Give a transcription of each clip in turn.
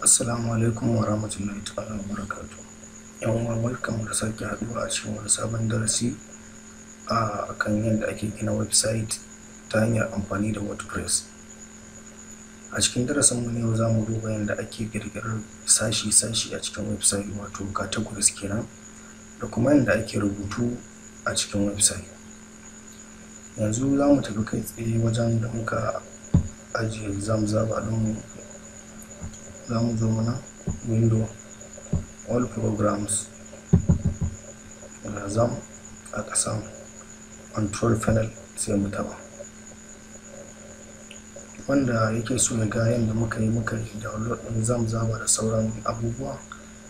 Assalamu alaikum wa rahmatullahi ta'ala wa barakatu. Yan uwa mu da sake haduwa a cikin wani sabon darasi a kan yadda ake gina website ta hanyar amfani da WordPress. A cikin darasin mu yau za mu duba yadda ake ƙirƙirar sashi-sashi a cikin website wato categories kenan da kuma yadda ake rubutu a cikin website. Yanzu za mu tafi kai tsaye wajen da muka ajiye zamzaba zaba zamu mu zo mana window all programs zamu a ƙasan control panel sai mu taba wanda yake so ya ga yadda muka yi muka yi download ɗin zam zaba da sauran abubuwa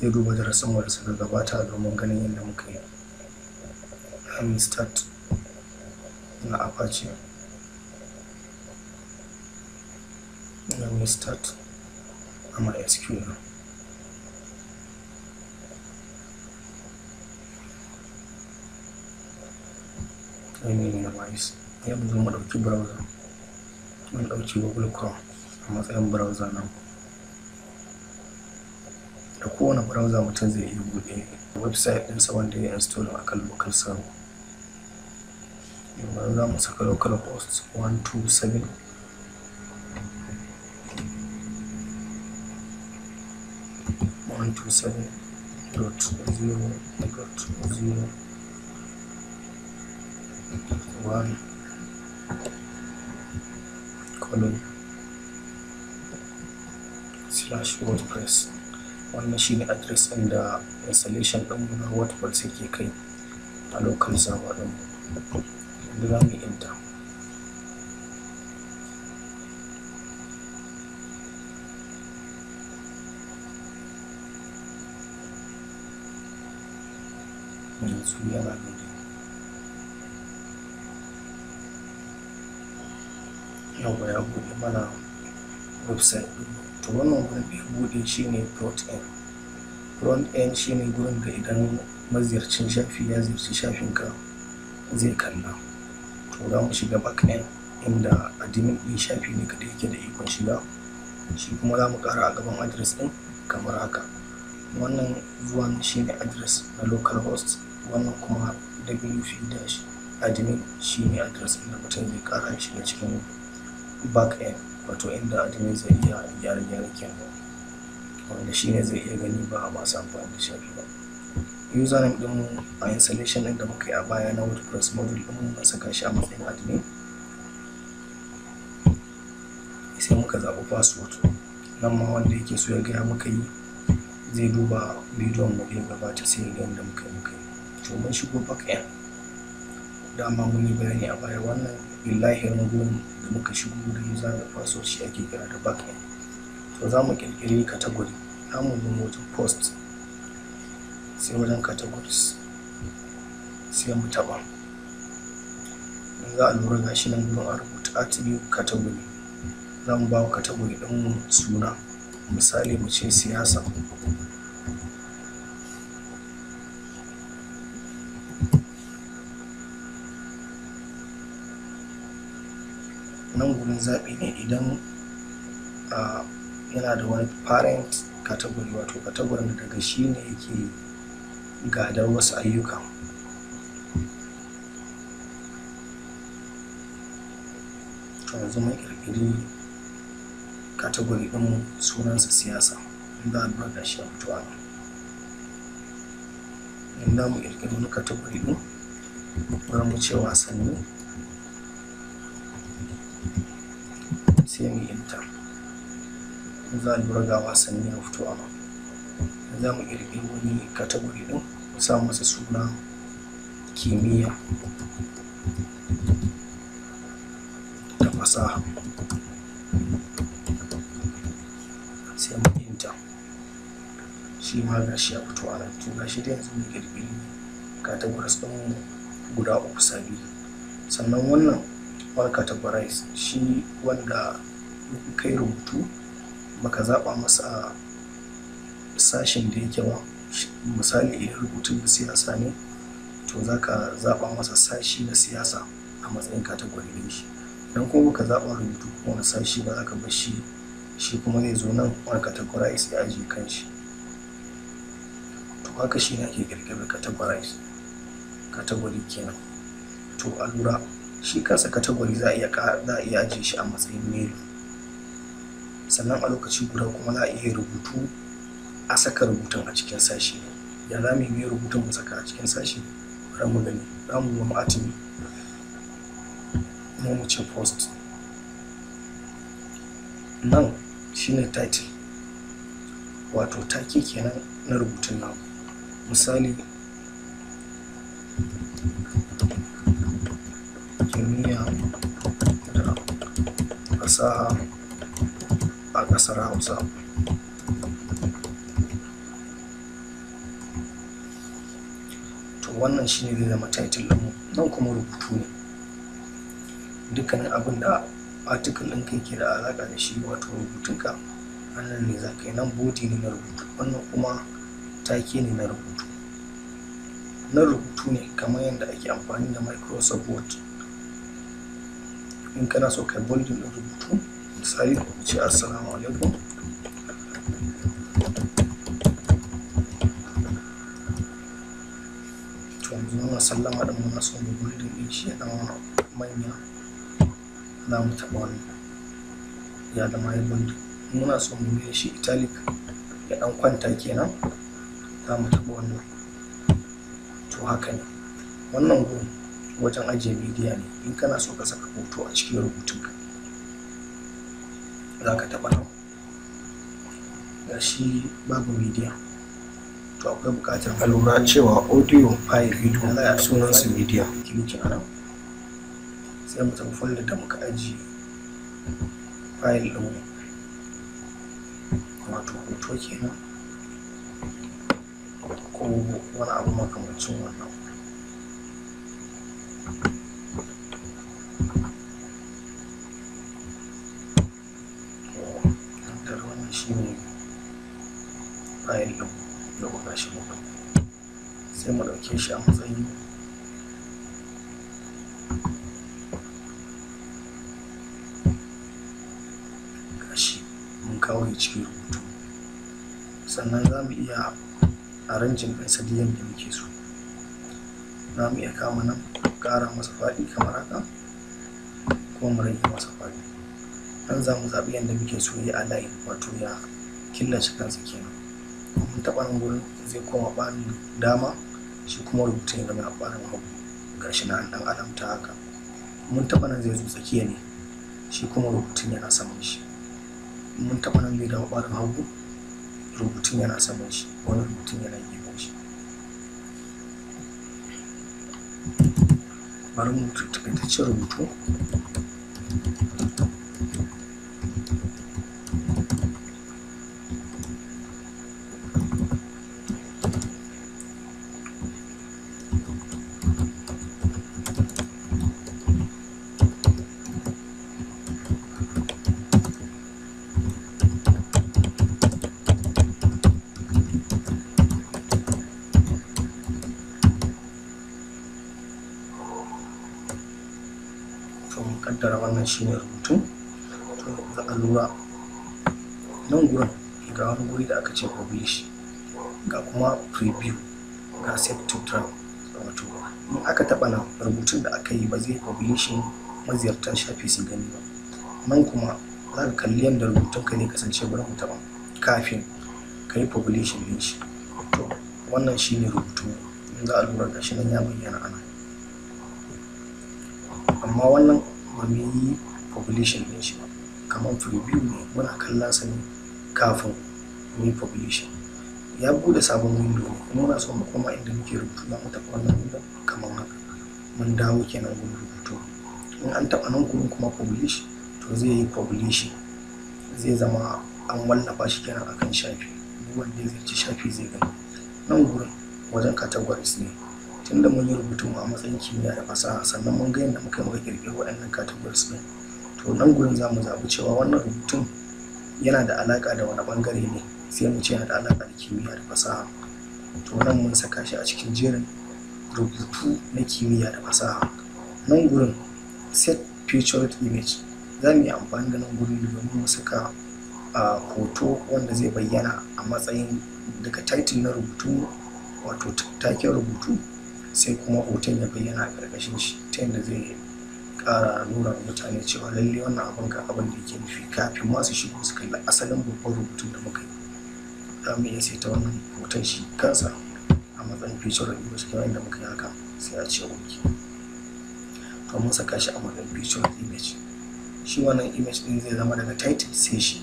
zai duba darasin wanda suka gabata domin ganin yadda muka yi I'm start na apache start I'm an executor. training device ya zo mu ɗauki browser mun ɗauki google chrome a matsayin browser nan da kowane browser mutum zai iya buɗe website ɗinsa wanda ya install a kan local server yanzu za mu saka local host 127 127.0.0.1 colon slash wordpress wannan shine address ɗin da installation ɗinmu na wordpress yake kai a local server ɗinmu yanzu za mu yi enter karatu ya ba gari yawwa ya buɗe mana website ɗin to wannan wurin da ya shine front end front end shine gurin da idan maziyarcin shafi ya ziyarci shafinka zai kalla to za mu shiga back end inda admin ɗin shafi ne kada yake da ikon shiga shi kuma za mu ƙara a gaban adres ɗin kamar haka wannan zuwan shine adres na host wannan kuma wp-admin shi ne address inda mutum zai kara shi shiga cikin back end wato inda admin zai iya gyara gyara kenan wanda shi ne zai iya gani ba a masu amfani da shafi ba username ɗinmu a installation ɗin da muka yi a baya na wordpress module din na saka shi a matsayin admin sai muka zaɓi password nan ma wanda yake so ya gaya muka yi zai duba bidiyon mu da ya gabata sai ya ga yadda muka yi muka yi to mun shigo back dama mun yi bayani a baya wannan lillahi rungun da muka shigo da yi da faso shi ake kira da back to za mu kirkiri category za mu yi post sai wajen categories sai mu taba za a lura ga shi nan gurin a rubuta attribute category za mu ba wa category ɗin suna misali mu ce siyasa nan gurin zaɓi ne idan yana da wani parent category wato category da daga shi ne yake gadar wasu ayyuka to yanzu mai ƙirƙiri category ɗin sunansa siyasa in za a lura da shi a mutuwa inda in za mu ƙirƙiri wani category ɗin ba mu ce wasanni sai mu enter za mu ga wasanni a fito a za mu ƙirƙiri wani category din mu sa masa suna kimiyya da fasaha sai mu enter shi ma shi ya fito a nan ga shi dai yanzu mu ƙirƙiri categories ɗin guda uku sabi sannan wannan wani categorize shi wanda kai rubutu maka zaba masa sashen da yake ba misali idan rubutun da siyasa ne to zaka ka zaɓa masa sashi na siyasa a matsayin category shi don kuma ka zaɓa rubutu ko wani sashi ba za ka bar shi shi kuma zai zo nan wani categorize ya ajiye kan shi to haka shi ne ake ƙirƙirar categorize category kenan to a shi kansa category za a iya za a iya ajiye shi a matsayin menu sannan a lokaci guda kuma za a iya rubutu a saka rubutun a cikin sashi ya za mu yi rubutun mu saka a cikin sashi bari mu gani za mu yi atimi mu mu ce post nan shine title wato take kenan na rubutun namu misali kimiyya da fasaha a ƙasar Hausa. To wannan shi ne zai zama title mu nan kuma rubutu ne. Dukkanin abin da ɗin kai ke da alaƙa da shi wato rubutunka a ne za ka yi, nan bodi ne na rubutu, wannan kuma take ne na rubutu. Na rubutu ne kamar yadda ake amfani da Microsoft Word. in kana so kai boldin ɗin rubutu sai ce assalamu alaikum to mun muna sallama ɗin muna so mu boldin ɗin shi ya manya na mu taɓa wani ya da mai boldin muna so mu mai shi italic ya ɗan kwanta kenan za mu taɓa wannan to haka ne wannan gobe wajen ajiye media ne in kana so ka saka hoto a cikin rubutunka za ka taɓa nan ga shi babu media to akwai buƙatar a lura cewa audio file video za a sunan su media kilikin a sai mu tafi folder da muka ajiye file ɗin wato hoto kenan ko wani abu makamancin wannan ɗauke shi a matsayin gashi mun kawo ne cikin rubutu sannan za mu iya aranjin ɗinsa duk yadda muke so za mu iya kama nan ƙara masa faɗi kamar haka ko mu rage masa faɗi nan za mu zaɓi yadda muke so ya alayi wato ya killace kansa kenan mun taɓa nan gurin zai koma ɓarin dama shi kuma rubutun ya zama a ɓarin hagu gashi na ɗan adam ta haka mun taɓa nan zai zo tsakiya ne shi kuma rubutun yana saman shi mun taɓa nan zai dawo ɓarin hagu rubutun yana saman shi wani rubutun yana gefen shi bari mu takaitaccen rubutu kaddara wannan ne rubutu to za a lura nan gurin ga wani guri da aka ce publish ga kuma preview ga set to trial wato in aka taɓa nan rubutun da aka yi ba zai publishin maziyartan shafi su gani ba nan kuma za ka kalli yadda rubutun ka ne kasance gurin mu taɓa kafin ka yi publishin din shi to wannan shi ne rubutu in za a lura da shi nan ya bayyana ana amma wannan kuma mun yi publishing din shi kamar preview ne muna kallon sa ne kafin muyi yi ya bude sabon window kuma muna so mu koma inda muke rubutu na mu wannan window kamar haka mun dawo kenan gun rubutu in an taɓa nan gurin kuma publish to zai yi publishing zai zama an wallafa shi kenan akan shafi wanda zai ci shafi zai gani nan gurin wajen categories ne tunda mun yi rubutun mu a matsayin kimiyya da fasaha sannan mun ga yadda muka muka kirkiri waɗannan categories ɗin to nan gurin za mu zaɓi cewa wannan rubutun yana da alaƙa da wani ɓangare ne sai mu ce yana da alaƙa da kimiyya da fasaha to nan mun saka shi a cikin jerin rubutu na kimiyya da fasaha nan gurin set featured image za mu yi amfani da nan gurin domin mu saka hoto wanda zai bayyana a matsayin daga title na rubutu wato taken rubutu sai kuma hoton ya bayyana a ƙarƙashin shi ta yadda zai ƙara nuna mutane cewa lalle wannan abin ka abin da yake nufi kafin masu shigo su kalli asalin babban rubutun da muka yi za mu iya saita wannan hoton shi kansa a matsayin da ibo cikin wanda muka yi haka sai a ce wuki to mun saka shi a matsayin feature image shi wannan image din zai zama daga title sai shi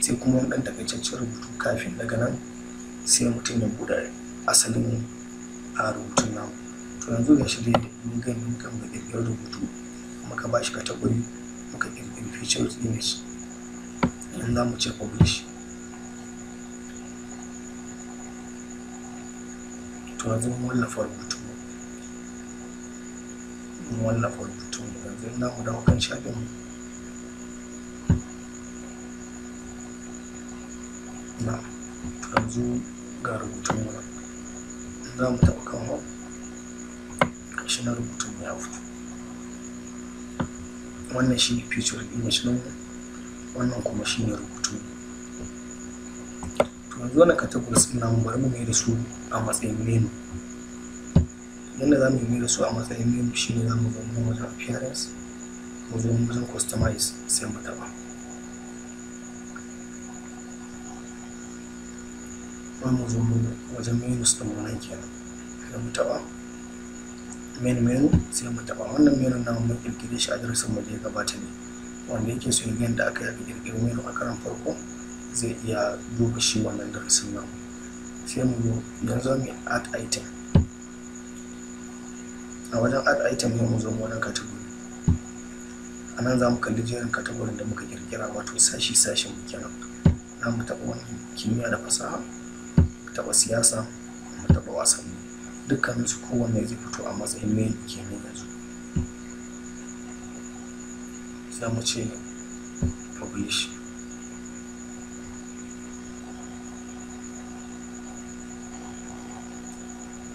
sai kuma wani ɗan takaitaccen rubutu kafin daga nan sai mutum ya buɗe asalin a rubutun namu to yanzu ga shi dai mun ga mun kan ga rubutu muka ba shi category muka kirkiri features image in za mu ce publish to yanzu mun wallafa rubutu mun wallafa rubutu yanzu na mu dawo kan shafin na yanzu ga rubutun mu za mu taɓa kan home shi na rubutun ya fito wannan shi ne feature image nan wannan kuma shi ne rubutun to yanzu wannan categories ɗin namu bari mu mai da su a matsayin menu yadda za mu yi da su a matsayin menu shi ne za mu zama wajen appearance mu zo wajen customize sai mu taɓa ba mu zo wajen menus ɗin wannan kenan sai mu taɓa menu menu sai mu taɓa wannan menu na mun ƙirƙire shi a darasin mu da gabata ne wanda yake so yin yadda aka yi ƙirƙirar menu a karan farko zai iya duba shi wannan darasin nan sai mu zo yanzu mu add item a wajen add item ne mu zo wajen category a nan za mu kalli jerin category da muka kirkira wato sashi sashin mu kenan za mu taɓa wani kimiyya da fasaha taɓa siyasa mu taɓa wasanni dukkaninsu kowanne zai fito a matsayin main kenan yanzu za mu ce publish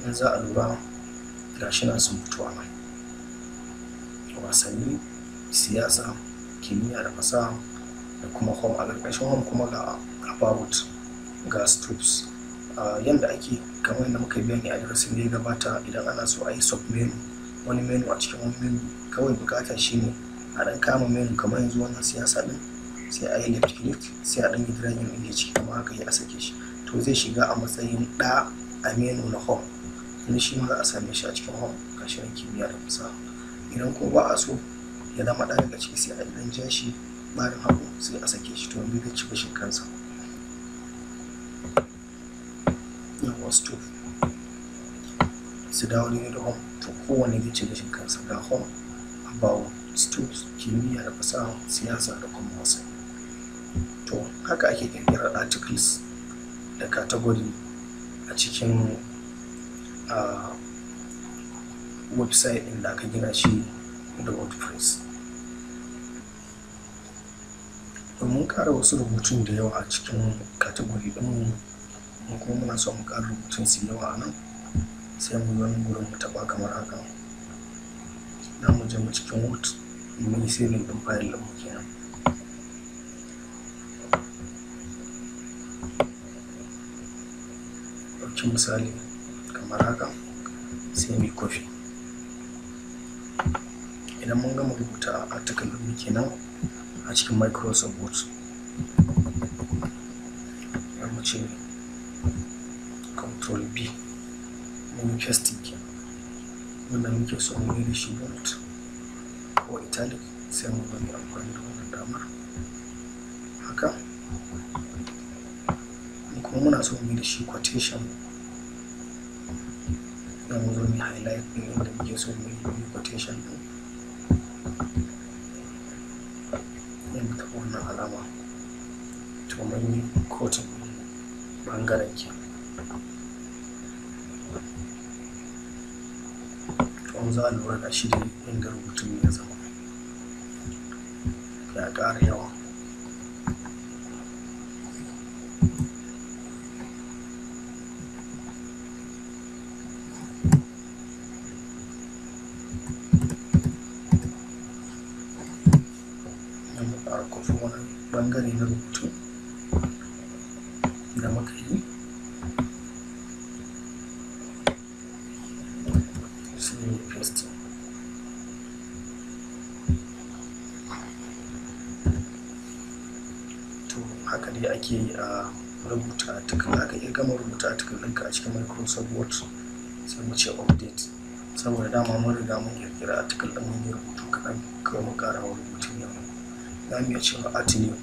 in za a lura gashi nan sun fito a wasanni siyasa kimiyya da fasaha da kuma home a ƙarƙashin home kuma ga about gas tubes. yadda ake kamar yadda muka biya ne a darasin da ya gabata idan ana so a yi sub menu wani menu a cikin wani menu kawai bukata shine a ɗan kama menu kamar yanzu wannan siyasa ɗin sai a yi left click sai a ɗan yi dragging din ciki kamar haka ya a sake shi to zai shiga a matsayin ɗa a menu na home yanzu shi ma za a same shi a cikin home kashin kimiyya da kusa idan ko ba a so ya zama ɗa daga ciki sai a ɗan ja shi ɓarin hagu sai a sake shi to yanzu zai ci bashin kansa nan was su dawo daidai da home to kowane zai ci gashin kansa ga home about stools kimiyya da fasaha siyasa da kuma wasu to haka ake kirkirar articles da category a cikin website ɗin da aka gina shi da wordpress domin kara wasu rubutun da yawa a cikin category ɗin mu kuma muna so mu ƙara rubutun su yawa a nan sai mu wani gurin mu taɓa kamar haka Na mu je mu cikin wood mu yi saving ɗin file ɗin mu kenan ɗauki misali kamar haka sai mu yi kofi idan mun gama rubuta article ɗin mu kenan a cikin microsoft word abin da muke so mu yi da shi bold ko italic sai mu bari amfani da wannan damar haka kuma muna so mu yi da shi quotation na mu zo mu highlight ɗin inda muke so mu yi quotation ɗin yadda ta wannan alama to mun yi kotun ɓangaren kenan za a lura da shi inda rubutun ya zama ya ƙara yawa ɓangare na rubutu da muka yi ake rubuta article aka iya gama rubuta article ɗinka a cikin microsoft word sai mu ce update saboda dama mun riga mun kirkira article ɗin mun yi rubutu kaɗan kawai mu ƙara wa rubutun yau za mu iya cewa art new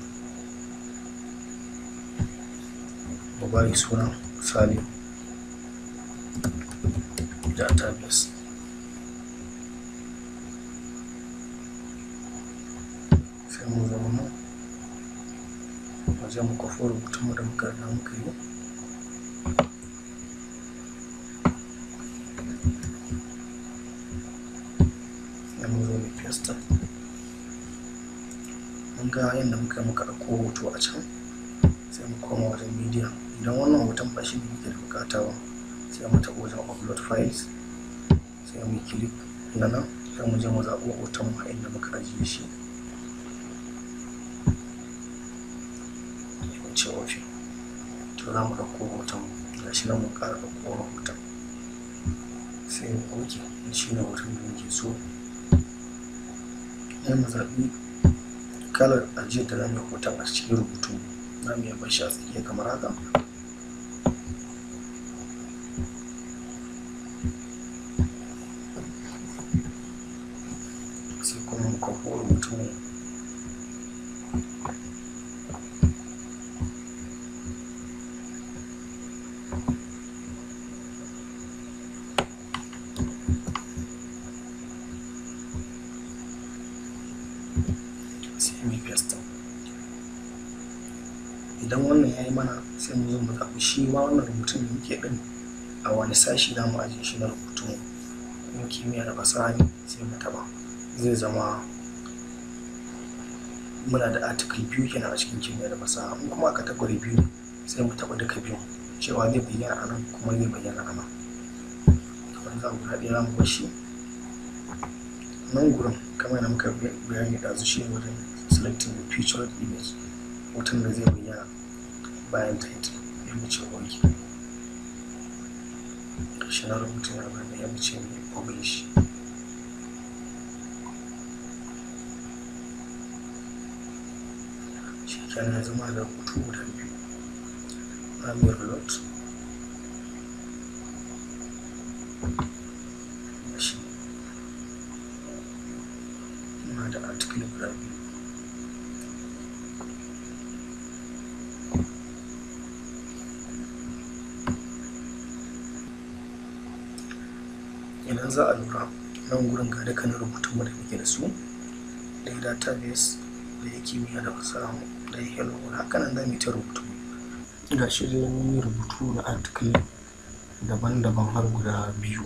mu bari suna saliu database sai mu zama nan mu je mu kwafo mu da muka riga muka yi da mu zo mu festa mun ga yadda muka muka ɗauko hoto a can sai mu koma wajen media idan wannan hoton ba shi ne muke da bukata ba sai mu taɓa wajen upload files sai mu yi click na nan sai mu je mu zaɓo hoton mu a inda muka ajiye shi ce ok to za mu ɗauko hoton ga shi nan mu ƙara ɗauko hoton sai mu ok shi ne hoton da muke so ya mu zaɓi kalar ajiyar da za mu yi hoton a cikin rubutu za mu yi bashi a tsakiya kamar haka ya mana sai mu zo mu zaɓi shi ma wannan rubutun da muke ɗin a wani sashi za mu ajiye shi na rubutun kuma kimiyya da fasaha ne sai mu taɓa zai zama muna da article biyu kenan a cikin kimiyya da fasaha in kuma a category biyu sai mu taɓa duka biyu cewa zai bayyana a nan kuma zai bayyana a nan kamar za mu haɗe za mu bar shi nan gurin kamar da muka bayani ɗazu shi ne wajen selecting the featured image hoton da zai bayyana bayan ta ya mace wanki shi na rubuta ya bane ya mace mai komai shi shi zama da hutu guda biyu amir lot idan za a lura nan gurin ga dukkanin rubutun mu da muke da su da database ɗaya kimiyya da fasaha ya hello haka nan za mu ta rubutu ga shi dai mun yi rubutu na article daban-daban har guda biyu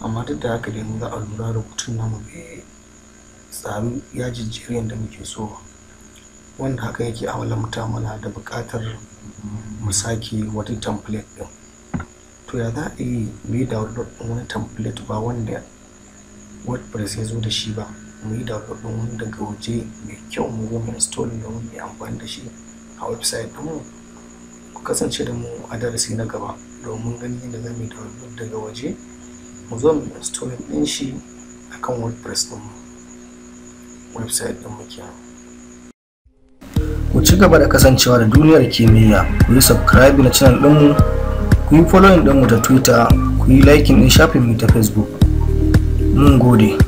amma duk da haka dai mun za a lura rubutun namu bai tsaru ya jijjiri yadda muke so wanda haka yake awalamta mutamala da buƙatar mu sake wata template ɗin to ya za a yi mu yi download ɗin wani template ba wanda wordpress ya zo da shi ba mu yi download ɗin wani daga waje mai kyau mu zo mu install da mu yi amfani da shi a website mu ku kasance da mu a darasi na gaba domin ganin yadda za mu yi download daga waje mu zo mu install ɗin shi kan wordpress ɗinmu website ɗinmu kenan ku ci gaba da kasancewa da duniyar kimiyya ku yi subscribe na channel ɗinmu ku yi following ɗinmu ta twitter ku yi liking ɗin shafin mu ta facebook mun gode